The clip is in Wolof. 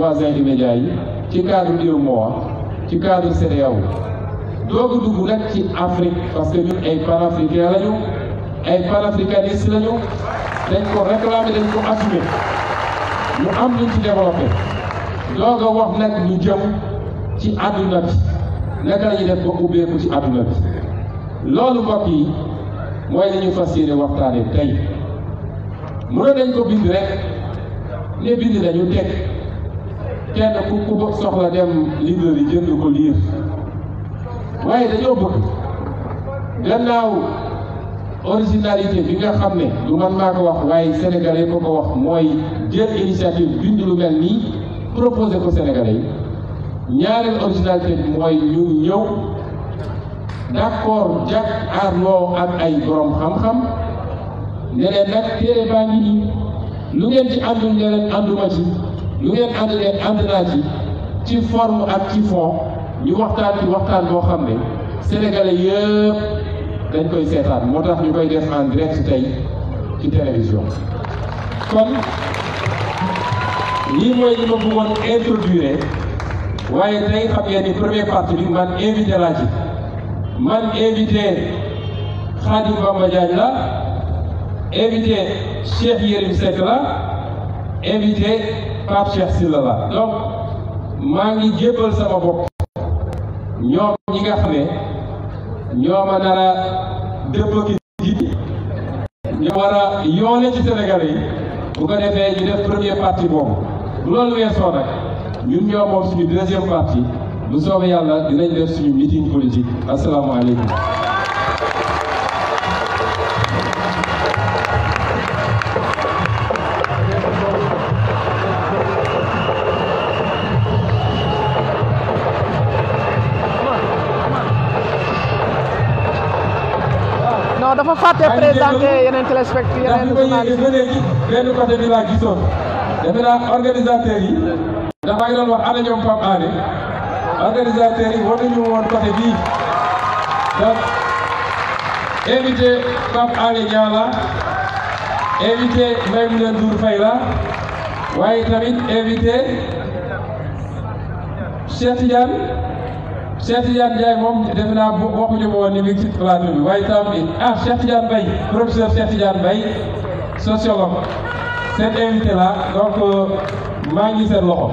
voisins immédiats yi ci cadre UEMOA ci cadre CEDEAO doog a dugg nag ci Afrique parce que ay panafricains lañu ay panafricanistes lañu dañ ko réclamer dañ ko assumer ñu am luñ ci développé doog a wax nag ñu jëm ci àdduna bi naka la def ba ubbeeku ci àdduna bi loolu mbokk yi mooy li ñu fas tey mu dañ ko bind rek ne bind nañu teg kenn ku ku ko soxla dem librairie jënd ko liir waaye dañoo bëgg gannaaw originalité bi nga xam ne du man maa ko wax waaye sénégalais ko ko wax mooy jël initiative bind lu mel nii proposé ko sénégalais yi ñaareel originalité bi mooy ñu ñëw d'accord jàkk arloo ak ay borom xam-xam ne leen nag téere baa ngi nii lu ngeen ci àndul ne ànduma ci yu ngeen ànd leen ànd naa ci ci forme ak ci fond ñu waxtaan ci waxtaan boo xam ne sénégalais yëpp dañ koy seetaan moo tax ñu koy def en direct tey ci télévision kon lii mooy li ma bëggoon introduire waaye tey xam ngeen ni première partie man invité laa ci man invité Khadim Bamba Diagne la invité Cheikh Yérim Seck la invité Pape Cheikh la donc maa ngi jébbal sama bopp ñoom ñi nga ne ñoo ma nar a dëpp ki ji ñoo war yoone ci Sénégal yi bu ko defee ñu def premier parti boobu bu loolu weesoo nag ñun ñoo moom suñu deuxième parti bu soobee yàlla dinañ def suñu meeting politique asalaamaaleykum non dafa fàtte présenté yeneen téléspectateurs yeneen journalistes yi benn côté bi laa gisoon defe naa organisateurs yi dafa ngi doon wax ana ñoom Pape Alé yi waruñu woon côté bii donc invité Pape Alé Niang la invité Maïmouna Ndour Faye la waaye tamit invité Cheikh Tidiane Cheikh Tidiane Ndiaye moom defe naa waxuñu ko woon ni mi ngi ci plateau bi waaye tam bi ah Cheikh Tidiane Mbaye professeur Cheikh Tidiane Mbaye sociologue seen invité la donc euh, maa ngi seen loxo.